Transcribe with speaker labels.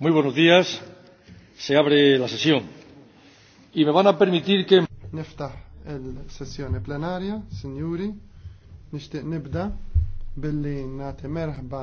Speaker 1: Muy buenos días. Se abre la sesión.
Speaker 2: Y me van a permitir que... Niftaħ il-sessjoni plenarja, signori. Nishtiq nibda billi nati merħba